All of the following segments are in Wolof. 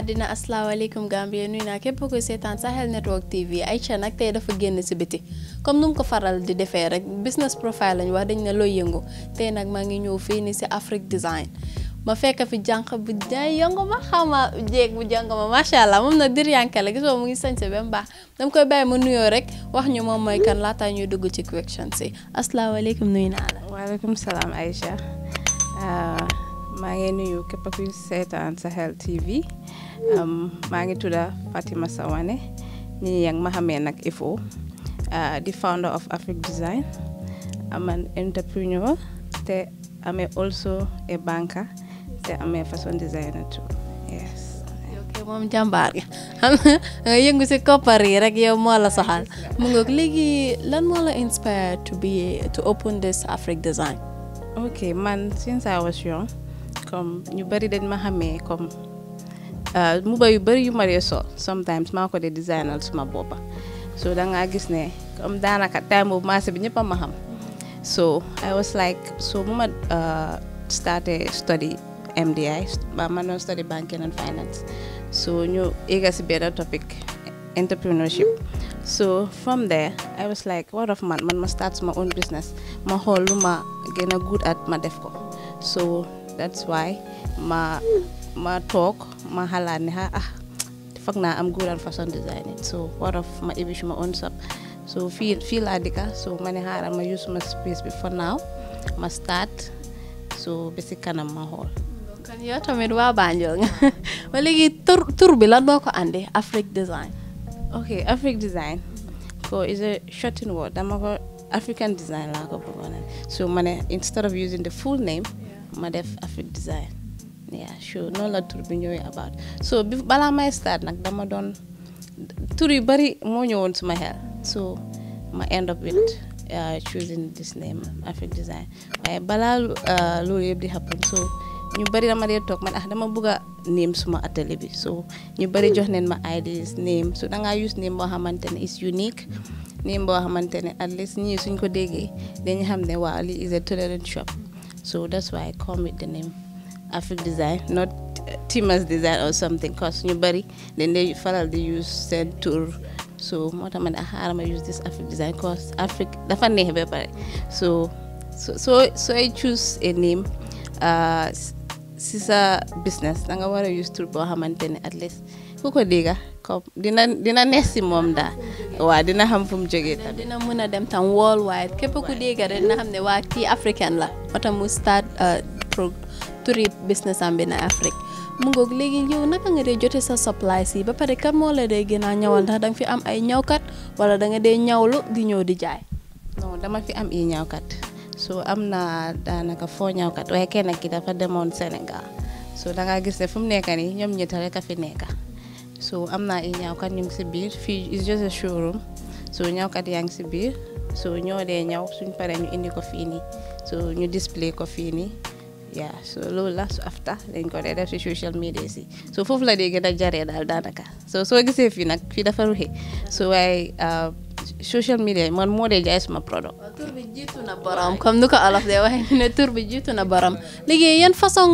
àddina asalaamaaleykum Gambie nuyu naa képp kuy seetaan Sahel Network TV Aïcha nag tey dafa génn si biti comme nu mu ko faral di defee rek business profile lañ wax dañ ne looy yëngu tey nag maa ngi ñëw fii nii si Afrique Design ma fekk fi jànq bi jaay yëngu ma xama jéeg bu jàng ma macha allah moom na dir yànka la gisoo mu ngi sañse ba mu baax dama koy bàyyi mu nuyoo rek wax ñu moom mooy kan laataa ñuy dugg ci question si asalaamaaleykum nuyu naa la. waaleykum salaam Aïcha ah, maa ngi nuyu képp kuy seetaan Sahel TV. maa ngi tudda Fatima Sawane nit ñi yang ma xamee nag IFO ah, di founder of Afrique Design am an entrepreneur te amee also a banker te amee fashion designer too yes moom jàmbaar yi xam yëngu si koppar yi rek yow moo la soxal mu ngoog léegi lan moo la inspire to be to open this Afrique Design ok man since I was young comme ñu bari dañ ma xamee comme Uh, muba yu bëri yu ma sol sometimes mako de dee designal suma boppa so da ngaa gis ne comme daanaka time of marché bi ñëpp ma xam so I was like so mu ma uh, starté study MDI ma manu study banking and finance so ñu éega si benn topic entrepreneurship so from there I was like what of man man ma start my own business ma xool lu ma gën a good at ma def ko so that's why ma ma toog ma xalaat ne ah foog naa am good at fashion designing so war of ma ibbi ma own shop so fii fii laa so ma ne ma use ma space bi for now ma start so ba kanam ma xool. kon yow tamit waa Banjul nga ba tur tur bi ko andi Afrique design. ok Afrique design ko is a shortened word dama ko African design laa ko bëggoon so ma instead of using the full name ma def Afrique design. yeah sure noonu la tur bi ñëwee about so bi balaa may start nag dama doon tur yu bari moo ñëwoon suma xel so ma end up with uh, choosing this name Afrique Design waaye balaa uh, loolu yëpp di happen so ñu bari dama dee toog man ah dama bëgg a name suma atelier bi so ñu bari jox neen ma ideas name so dangaa use name boo xamante ne is unique name boo xamante ne at least ñii suñ ko déggee dañu xam ne waaw lii is a tolerant shop so that's why I come with the name Afrique design not uh, Timas design or something cause ñu bari dañ lay faral di use seen tour so moo tax ma ne ah xaaral ma use this Afrique design cause Afrique dafa neex ba pare so so so sooy choose a name uh, si sa business da nga war a use tour boo xamante ne at least ku ko dégga comme dina dina neex si moom daal waaw dina xam fu mu jógee dina mën a dem tam worldwide képp ku dégga dina xam ne waa kii africain la moo tax start uh, stroke turib business am bi na Afrique mu ngoog léegi yow naka nga dee jote sa supplies yi ba pare kan moo la dee gën a ñawal ndax danga fi am ay ñawkat wala da nga dee ñawlu di ñëw di jaay. non dama fi am i ñawkat so am na daanaka foo ñawkat waaye kenn ki dafa demoon Sénégal so da ngaa gis fu mu nekk nii ñoom ñett rek a fi nekk so am naa i ñawkat ñu ngi si biir fii is just a showroom ñawkat yaa ngi si biir soo ñoo dee ñaw suñ paree ñu indi ko fii nii so ñu display ko fii nii. yeah so loolu la su afta dañ ko dee def si social media si so foofu la dee gën a jaree daal daanaka so soo gisee fii nag fii dafa ruxe so waaye uh, social media man moo dee jaay suma product oh, tur bi jiitu na borom comme nu ko olof de waxee ñu ne tur bi jiitu na borom léegi yan façon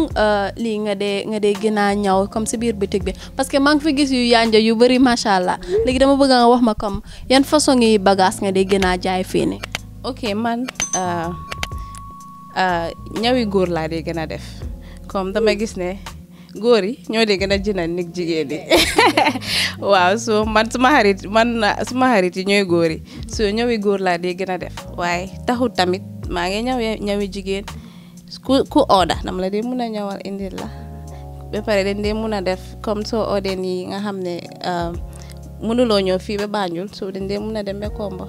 lii nga dee nga dee gën a ñaw comme si biir boutique bi parce que maa ngi fi gis yu yanja yu bëri macha allah léegi dama bëgg nga wax ma comme yan façon yi bagage nga dee gën a jaay fii ne ok man uh, Euh, ñawi góor laa dee gën a def comme dama gis ne góor yi ñoo dee gën a jënal nit jigéen waaw so man suma xarit man suma xarit yi ñooy góor yi so ñawi góor laa dee gën a def waaye taxul tamit maa ngi ñaw ñawi jigéen ku ku order dama la dee na a war indil la ba pare dañ dee mun a def comme soo order nii nga xam ne euh, mënuloo ñëw fii ba Banjul so dañ dee mun dem ba Kombo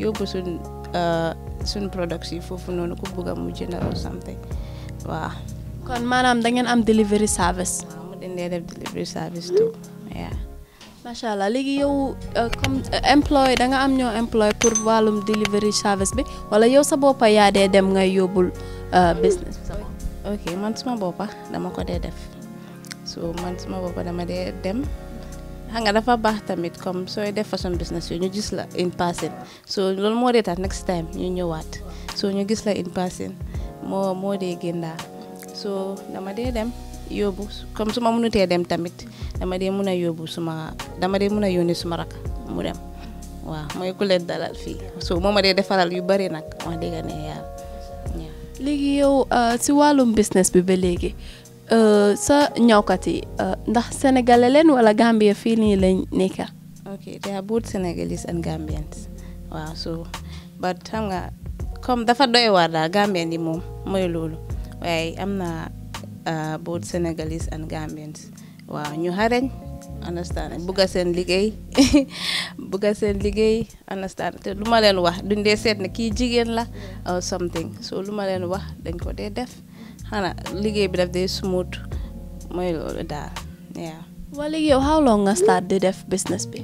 yóbbu suñ euh, suñu products yi foofu noonu ko bugg a mu jënd or something waaw. kon maanaam da ngeen am delivery service. waaw allah léegi yow euh, comme euh, employé da nga am ñoo employé pour wàllum delivery service bi wala yow sa boppa yaa dee dem ngay yóbbul euh, business bi. ok man suma boppa dama ko dee def so man ma boppa dama dee dem. xam nga dafa baax tamit comme sooy def façon business yooyu ñu gis la in person so loolu moo dee tax next time ñu ñëwaat soo ñu gis la in person moo moo dee géndaa so dama dee dem yóbbu comme su ma tee dem tamit dama dee mun a yóbbu suma dama dee mun a yónni suma rak mu dem waaw mooy ku leen dalal fii so moo ma dee defaral yu bari nag wax dëgg ne yàlla léegi yow euh, si wàllum business bi ba léegi Euh, sa ñawkat yi euh, ndax sénégalais leen wala Gambia fii nii lañ nekka ok they are both and Gambians waaw so but xam nga comme dafa doy waar daal Gambian yi moom mooy loolu waaye am na euh, both Senegalese and Gambians waaw ñu xareñ understand bugga seen liggéey bugga seen liggéey understand te lu ma leen wax duñ dee seet ne kii jigéen la or something so lu ma leen wax dañ ko dee def xanaa liggéey bi daf smooth mooy loolu daal yow how long nga start di def business bi.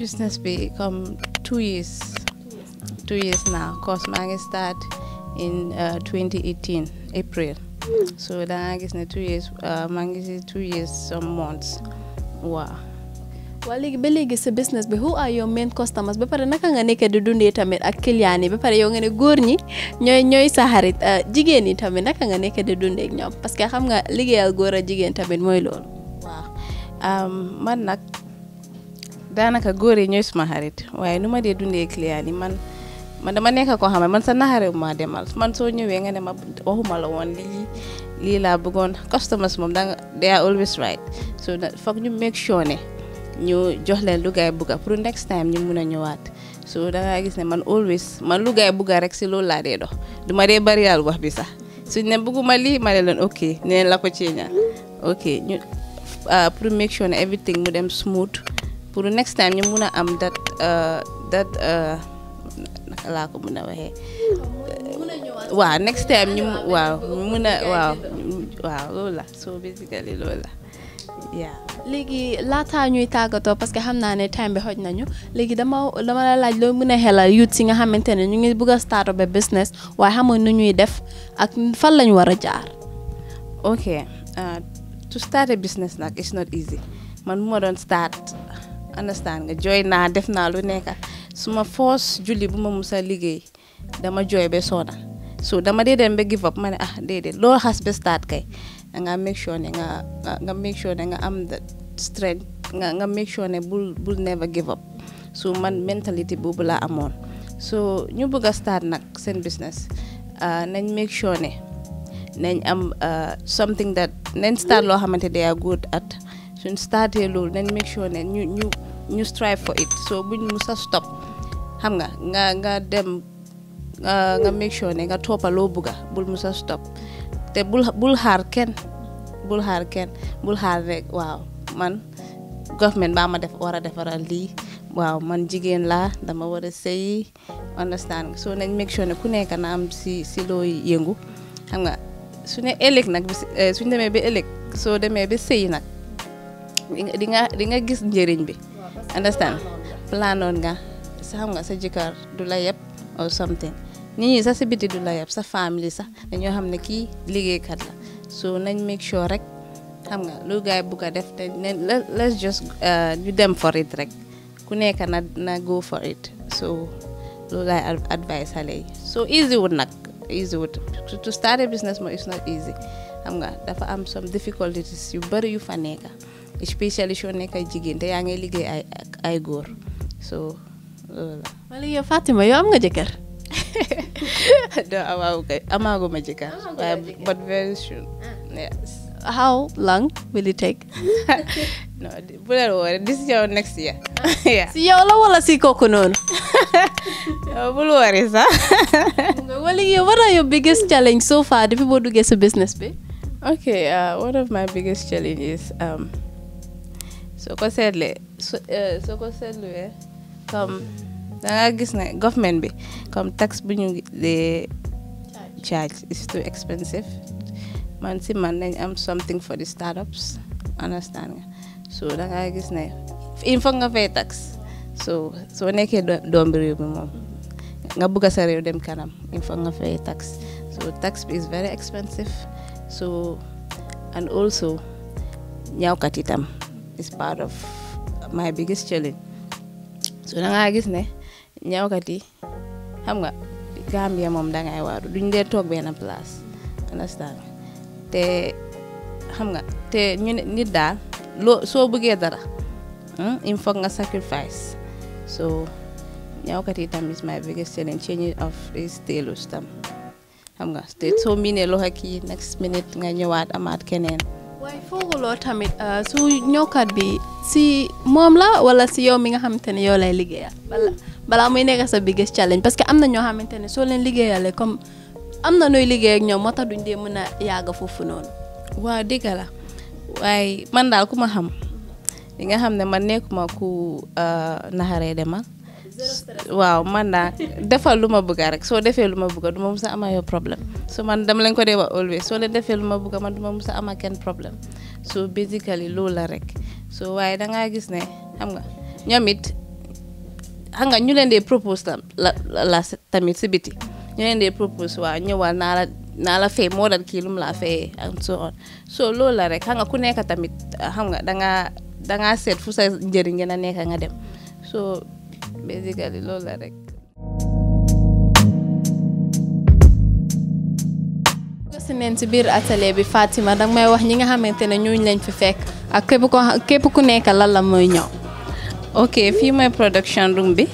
business bi comme two years. two years now cause maa ngi start in uh, 2018 April. so dangaa gis ne two years uh, maa ngi si two years some months waaw. waa léegi ba léegi sa business bi who are your main customers ba pare naka nga nekkee di dundee tamit ak client yi ba pare yow nga ne góor ñi ñooy ñooy sa xarit ah, jigéen ñi tamit naka nga nekkee di dundee ak ñoom parce que xam nga liggéeyal góor a jigéen tamit mooy loolu. man nag daanaka góor yi ñooy suma xarit waaye nu ma dee dundee client man man dama nekk koo xam ne man sa naxare maa demal man so ñëwee nga ne ma waxuma la woon lii. lii laa bëggoon customers moom da they are always right so foog ñu make sure ñu jox leen lu gaay bugga pour next time ñu mun a ñëwaat soo da gis ne man always man lu gaay bugga rek si loolu laa dee dox du ma dee bari wax bi sax si ne bugguma lii ma ne leen ok neen la ko ceeña ok ñu ah, pour ne everything mu dem smooth pour next ñu mun a am dat dat ah, ah, ko mun a waxee waaw next time ñu waaw mun a waaw waaw loolu la so basically la léegi laataa ñuy tàggatoo parce que xam naa ne time bi xoj nañu léegi dama dama laaj loo mën a xelal youth si nga xamante ne ñu ngi bugga a start up a business waaye xamoon nu ñuy def ak fan lañu war a jaar. ok uh, to start a business nag it's not easy man bu ma doon start understand nga jooy naa def naa lu nekk suma force julli bu ma musa liggéey dama jooy ba soona so dama dee dem ba give up ma ne ah déedéet loo xas ba start kay. nga make sure ne nga nga am the strength nga nga make sure ne bul bul never give up so man mentalité boobu laa amoon so ñu bëgg a start nag seen business ah, nañ make sure ne nañ am ah, something that nañ start loo xamante they are at suñ startee loolu nañ make sure ne ñu ñu ñu strive for it so buñ musa stop xam nga nga nga dem nga make sure ne nga toppa loo bul musa stop te bul xaar kenn bul xaar kenn bul xaar rek waaw man government baa ma def war a defaral lii waaw man jigéen laa dama war a sëyi understand soo nañ make sure ne ku nekk naam si si yëngu xam nga su ne ëllëg nag eh, suñ demee ba ëllëg soo demee ba sëyi nag di nga gis njëriñ bi understand planoon nga sa xam nga sa jëkkër du la yëpp or something nit ñi sax si biti du la yab sa famille sax dañoo xam ne kii liggéeykat la so nañ make sure rek xam nga lu gaay bu ko def te ne let's just uh, ñu dem for it rek ku nekk na na go for it so loolu laay advice xale yi so easy wut nag easy wut to start a business mo it's not easy xam nga dafa am some difficulties yu bari yu fa nekk especially soo nekk ay jigéen te yaa ngay liggéey ay ay góor so loolu la. wala yow Fatima yow am nga jëkkër. no, Amago Magica. Amago But very soon. Ah. Yes. next year. Ah. Si yow la wala si kooku noonu. Bul worry sax. Wala yow biggest challenge so far depuis boo duggee sa business bi? Okay, uh, one of my biggest challenges um soo ko seetlee uh, soo ko seetluwee da gis ne government bi comme tax bu ñu dee charge is too expensive man si man nañ am something for the startups understand nga so da gis ne il faut nga fay tax so soo nekkee doom bi réew mi moom nga bëgg sa dem kanam il faut nga fay tax so tax bi is very expensive so and also ñaawkat itam is part of my biggest challenge so da gis ne ñawkat yi xam nga Gambia moom dangay waaru duñ dee toog na place understand te xam nga te ñu ne nit daal loo soo bëggee dara hmm, il faut nga sacrifice soo ñawkat yi tam is my biggest challenge change of these tailors tam xam nga te soo miinee loxo kii next minute nga ñëwaat amaat keneen waaye fooguloo tamit uh, su ñawkat bi si moom la wala si yow mi nga xamante ne yow lay liggéeyal balaa muy nekk sa biggest challenge parce que am na ñoo xamante ne soo leen liggéeyalee comme am na nooy liggéey ak ñoom moo tax mën a yàgg foofu noonu. waaw dëgg la waaye man daal ku ma xam li nga xam ne man nekkuma ku euh, naxaree ma waaw man naa defal lu ma bëgga rek soo defee lu ma bugga du ma mus ama yow problème so man dama leen ko dee wax always soo leen defee lu ma bëgga man du ma mus a ama kenn problème so basically loolu la rek so waaye dangaa gis ne xam nga ñoom xam nga ñu leen dee propose la la la tamit si biti ñu leen dee propose waa ñëwal naa naa la fay moo dal kii lu mu laa fayee ak so on so loolu la rek xam nga ku nekk tamit xam nga da ngaa seet fu sa njëriñ gën a nekk nga dem so basically loolu la rek. si neen si biir atelier bi Fatima danga may wax ñi nga xamante ne ñooñu lañ fi fekk. ak képp ko képp ku nekk lan la mooy ñëw. ok fii mooy production room bi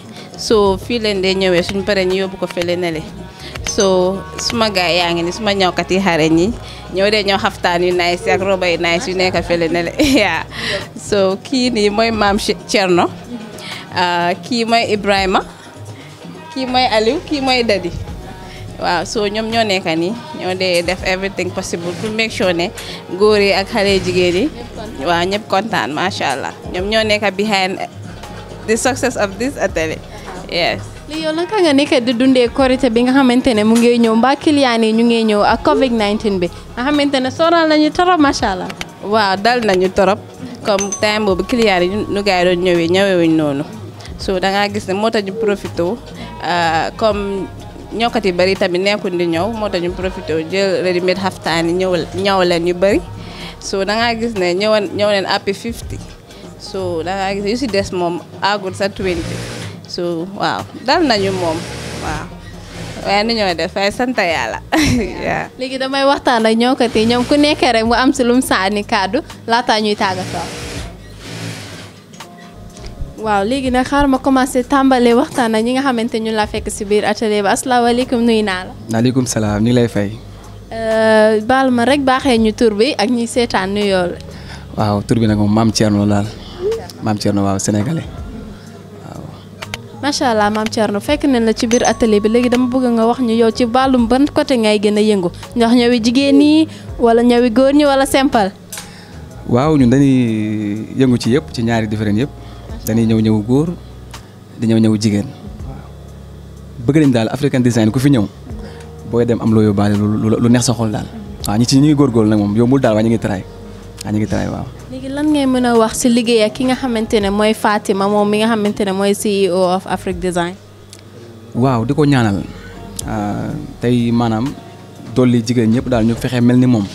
fii leen dee ñëwee suñu paree ñu yóbbu ko fële ne le so suma gaay yaa ngi ni suma ñëwkat yi xare ñi ñoo dee ñëw xaftaan yu nice ak roba yu nice yu nekk fële ne yaa so kii nii mooy maam Thierno ah, kii mooy Ibrahima kii mooy Aliou kii mooy Dadi. waaw so ñoom ñoo nekk nii ñoo dee def everything possible pour make sure ne góor yi ak xale jigéen yi waaw ñëpp kontaan macha allah ñoom ñoo nekk behind the success of this atelier yes li yow naka nga nekk di dundee korité bi nga xamante ne mu ngi ñëw mbaa client yi ñu ngi ñëw a covid 19 bi nga xamante ne sooral nañu torop macha allah waaw dal nañu torop comme time boobu client yi nu gaa yi doon ñëwee ñëwewuñ noonu so da ngaa gis ne moo tax ñu euh, ñawkat yi bari tamit nekkul di ñëw moo tax ñu profité jël ready made xaftaan yi ñëw ñëw leen ñu bari so da ngaa gis ne ñëwoon ñëw leen àppi 50 so da ngaa gis ne yu si des moom àggul sa 20 so waaw dal nañu moom waaw. waaye ni ñoo def waaye sant yàlla. waaw léegi damay waxtaan ak ñawkat yi ñoom ku nekkee rek mu am si lum saani kàddu laataa ñuy tàggatoo. waaw léegi nag xaar ma commencé tàmbalee waxtaan ak ñi nga xamante ñu la fekk si biir atelier ba asalaamaaleykum nuyu naa la. maaleykum salaam ñu lay fay. Eh, baal ma rek baaxee ñu tur bi ak ñi seetaan nuyoo la. waaw tur bi nag moom maam Thierno daal maam Thierno waaw sénégalais waaw. macha allah maam Thierno fekk nañ la ci biir atelier bi léegi dama bëgg nga wax ñu yow ci wàllum ban côté ngay gën a yëngu ndax ñawi jigéen ñi wala ñawi góor ñi wala simple. waaw ñun dañuy yëngu ci yëpp ci ñaari différents yëpp. dañuy ñëw ñëw góor di ñëw ñëw jigéen bëgg nañ daal African design ku fi ñëw booy dem am loo yóbbaale lu lu neex sa xol daal waaw ñi ci ñu ngi góorgóorlu nag moom yombul daal ñu ngi taraay waaw ñu ngi taraay waaw. mën a wax si liggéey ak ki nga xamante ne mooy Fatima moom mi nga xamante ne mooy CEO of Afrique Design. waaw di ko ñaanal ah, tey maanaam dolli jigéen ñëpp daal ñu fexee mel ni moom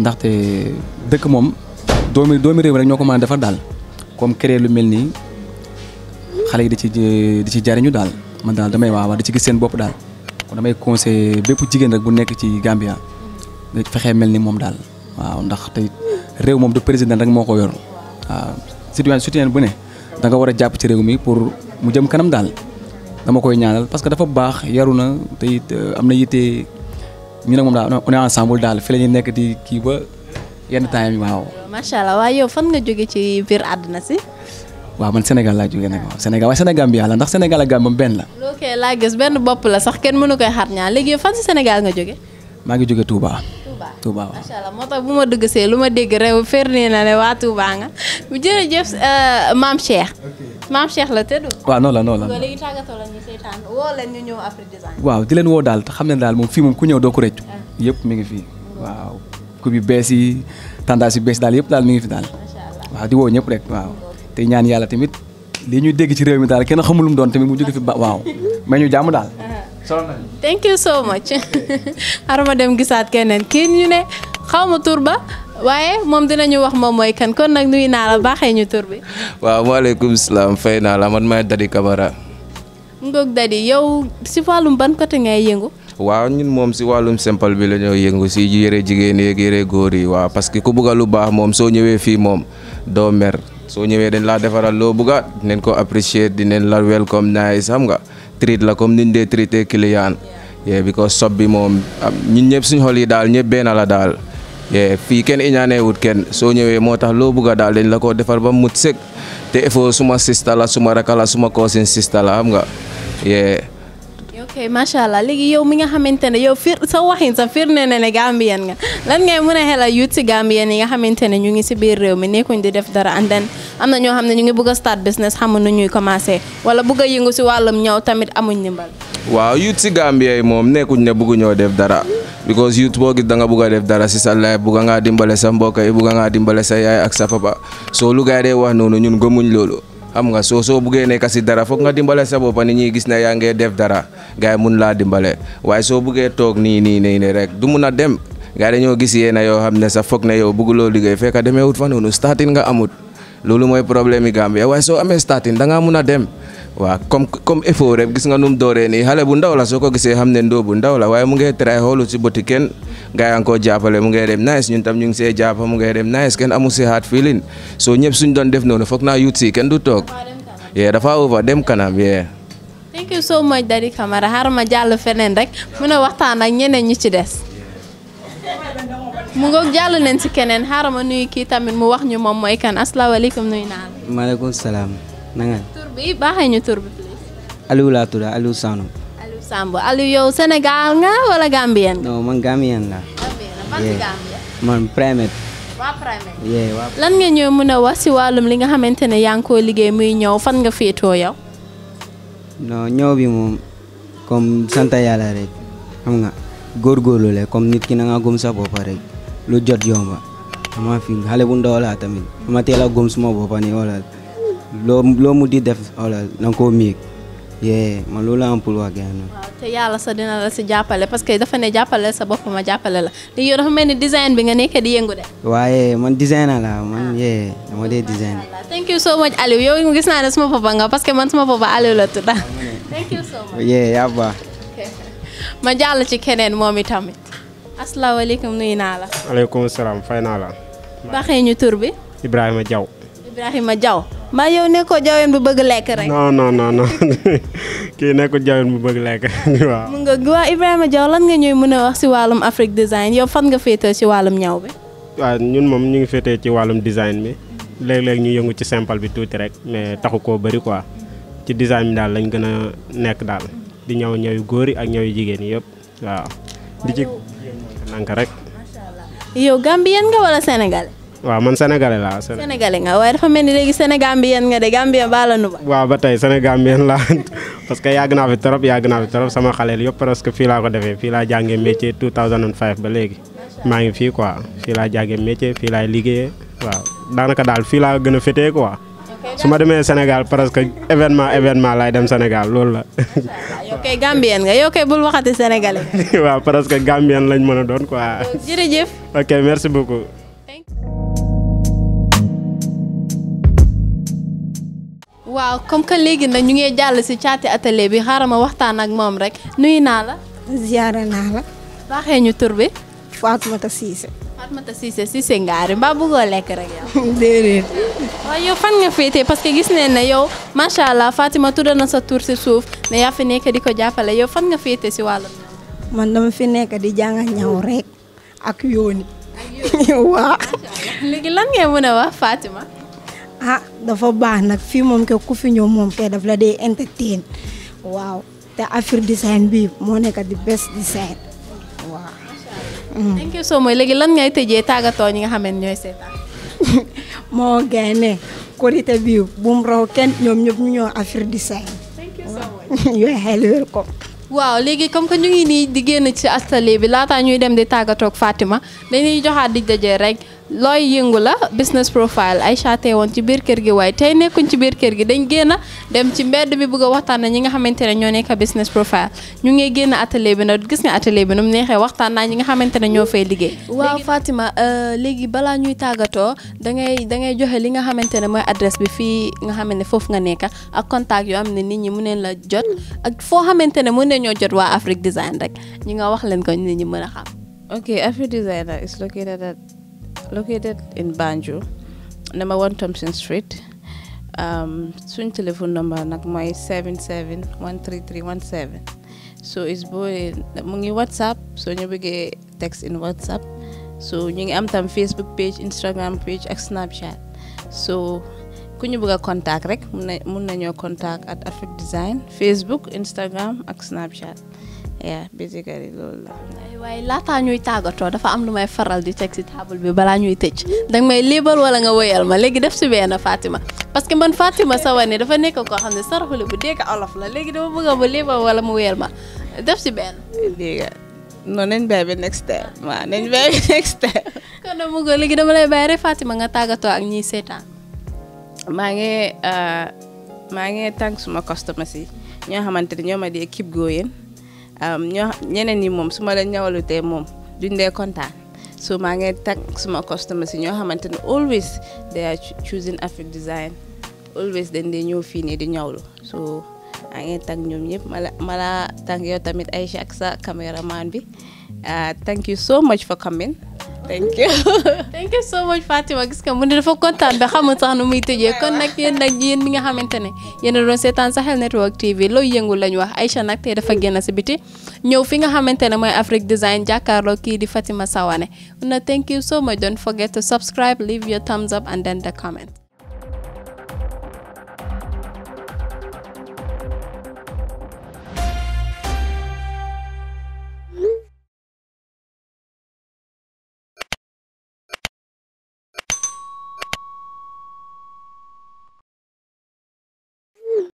ndaxte dëkk moom doomi doomi réew rek ñoo ko mën a defar daal. comme créer lu mel nii xale yi di ci di ci jariñu daal man daal damay waaw di ci gis seen bopp daal kon damay conseillé bépp jigéen rek bu nekk ci Gambia nga fexee mel ni moom daal waaw ndax tey réew moom du président rek moo ko yor waaw citoyen citoyen bu ne da war jàpp ci mi pour mu jëm kanam daal dama koy ñaanal parce que dafa baax yaru na te it am na yitte ñu ne moom daal on est ensemble daal fi la nekk di kii ba. yenn temps yi waaw. macha allah waaye yow fan nga jóge ci biir àdduna si. waaw man Sénégal laa jóge nag waaw Sénégal waaye Sénégal bi yàlla ndax Sénégal ak benn la. benn bopp la sax kenn mënu koy xar ñaar léegi fan si nga jóge. maa ngi jóge Touba. Touba waaw moo tax bu ma dugg see lu ma dégg réew ferni na ne waa Touba nga bu jërëjëf euh, maam Cheikh. maam Cheikh la tëdd. waaw noonu la noonu la waaw di leen woo daal te xam ne daal moom fii moom ku ñëw doo ko rëccu. Ah. yëpp mi ngi fii mm. waaw. Ku bi bees yi tendance dalip dal daal yëpp mi ngi fi dal waaw di wo ñep rek waaw te ñaan yalla tamit li ñu dégg ci réew mi dal kenn xamul lu mu doon tamit mu fi waaw ñu uh-huh. thank you so much arama dem gisat kenen ki ñu ne xawma turba? tur ba waaye moom dinañu wax mom moy kan kon nak nuyu naa la baaxee ñu tur bi waaw maaleykum salaam fay naa la man may Dadi kabara ngok Dadi yow ci walum ban côté ngay yëngu wa ñun mom si walum simple bi lañu ñoo yëngu si yére jigéen yeeg yéré goor yi wa parce que ku bugga lu baax mom so ñëwé fi mom do mer so ñëwé dañ la defaral lo bugga dinañ ko apprécier dinañ la welcome nice xam nga treat la comme niñ dé traité client yee bi ko sob bi mom ñun ñëpp suñ xol yi daal ñëpp benn la daal yeah fi kenn iñané wut kenn so ñëwé motax lo dañ la ko défar ba mut sék te il suma sista la suma rakala suma cousin sista la xam nga yeah ok macha allah léegi yow mi nga xamante ne yow fir sa waxin sa firnde na ne ne Gambien nga lan ngay mën a xelal youth si Gambien yi nga xamante ne ñu ngi si biir réew mi nekkuñ di def dara and then am na ñoo xam ne ñu ngi bëgg a start business xamu commencé wala bëgg a yëngu si wàllum ñëw tamit amuñ ndimbal. waaw youth si Gambien yi moom nekkuñ ne bëggu ñoo def dara. because youth boo gis da nga bugg a def dara si sa life bugg nga dimbale sa mbokk yi bugg ngaa dimbale sa yaay ak sa papa soo lu gaay dee wax noonu ñun gëmuñ loolu xam nga soo soo buggee nekk si dara foog nga dimbale sa bopp ni ñuy gis ne yaa ngee def dara gars yi mun laa dimbale waaye soo buggee toog nii nii ne nii rek du mun a dem gars yi dañoo gis yéen yoo xam ne sa foog ne yow bugguloo liggéey fekk a demee wut fa noonu starting nga amut loolu mooy problème yi Gambia waaye soo amee starting da ngaa mun a dem. waaw comme comme effort rek gis nga nu mu dooree nii xale bu ndawla soo ko gisee xam ne ndoo bu ndaw la waaye mu ngi try xoolu si boti kenn gars yi koo jàppale mu ngi dem nice ñun tam ñu ngi see jàpp mu ngi dem nice kenn amu si hard feeling soo ñëpp suñ doon def noonu foog naa yuut si kenn du toog yee dafa dem kanam yee thank you so much dari kamera Harum ma lo fenen rek mën a waxtaan ak ñeneen ñu ci des mu ngoog jàll leen si kenen. xaaral ma nuyu kii tamit mu wax ñu moom mooy kan asalaamaaleykum nuyu naa la. maaleykum salaam na nga. bi Sano. Alu Samb Alu yow senegal nga wala Gambien No mang man Gambien la Gambien la Mang Gambien. man premet. yeah Primate. lan nga ñëw mën a wax si wàllum li nga fan nga ya. non ñëw bi moom comme sant yàlla rek xam nga góor la comme nit ki na nga sa bopp rek lu jot yomba ama fi xale bu tamit ama teel a gëm suma bopp ni wala loo di def wala na nga yee man loolu am pour wax eh, ah, gars te yàlla sa dina la si jàppale parce que dafa ne jàppale sa bopp ma jàppale la léegi yow dafa mel ni design bi nga nekkee di yëngu de. waaye ah. man design la man yee dama dee design. thank you so much Aliou yow gis naa ne suma papa nga parce que man suma papa Aliou la tudd. thank you ma jàll ci keneen moom itamit. asalaamaaleykum nuyu naa la. waaleykum salaam fay ñu tur bi. Ibrahima Diaw. Ibrahima Diaw. maa yow nekkoo jaween bu bëgg lekk rek. non non non non kii nekkul jaween bu bëgg lekk waaw. mun waa Ibrahima Diaw lan nga ñuy mën a wax si wàllum Afrique design yow fan nga féetee si wàllum ñaw bi. waaw ñun moom ñu ngi féete ci wàllum design bi léeg-léeg ñu yëngu ci simple bi tuuti rek mais taxu koo bari quoi ci design bi daal lañ gën a nekk daal di ñëw ñëw góor yi ak ñëw jigéen yi yëpp waaw. di ci nank rek. yow Gambien nga wala Sénégal. wa man sénégalais la sénégalais nga way dafa melni ni léegi sénégambien nga de gambien baa nu ba. wa batay tey sénégambien parce que yagna fi trop yagna fi trop sama xaleel yo presque fi la ko defee fi la jangé métier 2005 ba léegi ma ngi fi quoi fi la jàngee métier fi la liggéeyee wa daanaka daal fii laa gën a féetee quoi. suma démé demee Sénégal presque événement événement lay dem Sénégal lool la. yow kay Gambien nga yow kay bul waxati sénégalais. wa presque Gambien lañ mëna doon quoi. jërëjëf. ok merci beaucoup. waaw comme que léegi nag ñu ngi jàll si caati atelier bi xaaral ma waxtaan ak moom rek nala. naa la. ziyaara naa la. baaxee ñu tur bi. Fatoumata Cissé. Fatoumata Cissé Cissé ngaari mbaa bëggoo lekk rek yow. déedéet. waaw yow fan nga féetee parce que gis nañ ne yow macha allah Fatima tudd na sa tur si suuf mais yaa fi nekk di ko jàppale yow fan nga féetee si wàllum. man dama fi nekk di jàng ñaw rek ak yooni. ak yooni waaw. léegi lan ngay mën a wax Fatima. ah dafa baax nag fii moom ke ku fi ñëw moom kay daf la dee entertain waaw te Afri design bi moo nekk di best design waaw. Mm. so much léegi lan ngay tëjee tàggatoo ñi nga xam ne ñooy seetaan. moo gay ne korité bi bu mu raw kenn ñoom ñëpp ñu ñëw Afri design. thank you so much waaw léegi comme que ñu ngi nii di génn ci astale bi laataa ñuy dem di tàggatoog Fatima dañuy joxaat di dajee rek. looy yëngu la business profile ay tey woon ci biir kër gi waaye tey nekkuñ ci biir kër gi dañ génn dem ci mbedd bi bëgg a waxtaan ñi nga xamante ne ñoo nekk business profile ñu ngi génn atelier bi gis nga atelier bi nu mu neexee waxtaan naa ñi nga xamante ne ñoo fay liggéey. waaw Fatima euh, léegi balaa ñuy tàggatoo da ngay da ngay joxe li nga xamante ne mooy adresse bi fii nga xam ne foofu nga nekk ak contact yoo am ne nit ñi mu neen la jot ak foo xamante ne mën nañoo jot waa Afrique Design rek ñi nga wax leen ko nit ñi mën a xam. ok Afrique Design is located located in Banjul, number one Thompson Street. Um, swing telephone number nag mooy 77 so is booy mu ngi whatsapp soo ñu bëggee text in whatsapp so ñu ngi am tam facebook page instagram page ak snapchat so ku ñu bëgg a contact rek mun na mun nañoo contact at Afric Design facebook instagram ak snapchat yeah basically loolu la. waaye laataa ñuy tagato dafa am lu may faral di tek ci table bi bala ñuy tecc dag may liibal wala nga woyal ma legi def ci bena Fatima parce que man Fatima Sawane dafa nek ko xamne ne saraxule bu dégg olof la legi dama bëgg ba liibal wala mu woyal ma def ci ben diga no nañ bàyyi next step, ma. nañ bàyyi next step. ko na mu go legi dama lay bàyyi Fatima nga tagato ak ñiy ma maa euh ma ngi ah, tank suma customer yi ñoo xamanteni ñoo ma di keep going Um, ñoo ñeneen ñi moom su ma leen ñawalutee moom duñ dee kontaan so maa ngi tag suma customers si ñoo xamante ne always they are choosing Afric design always dañ dee ñëw fii nii di ñawlu so maa ngi tag ñoom ñëpp mala mala tag yow tamit ay ak sa caméraman bi uh, thank you so much for coming thank you thank you so much Fatima gis nga mu ne dafa kontaan ba xamul sax nu muy tëjee kon nag yéen nag yéen mi nga xamante ne yéen a doon seetaan Sahel Network TV looy yëngu lañ wax Aïcha nag tey dafa génn si biti ñëw fi nga xamante ne mooy Afrique Design jàkkaarloo kii di Fatima Sawane na thank you so much don't forget to subscribe leave your thumbs up and then the comment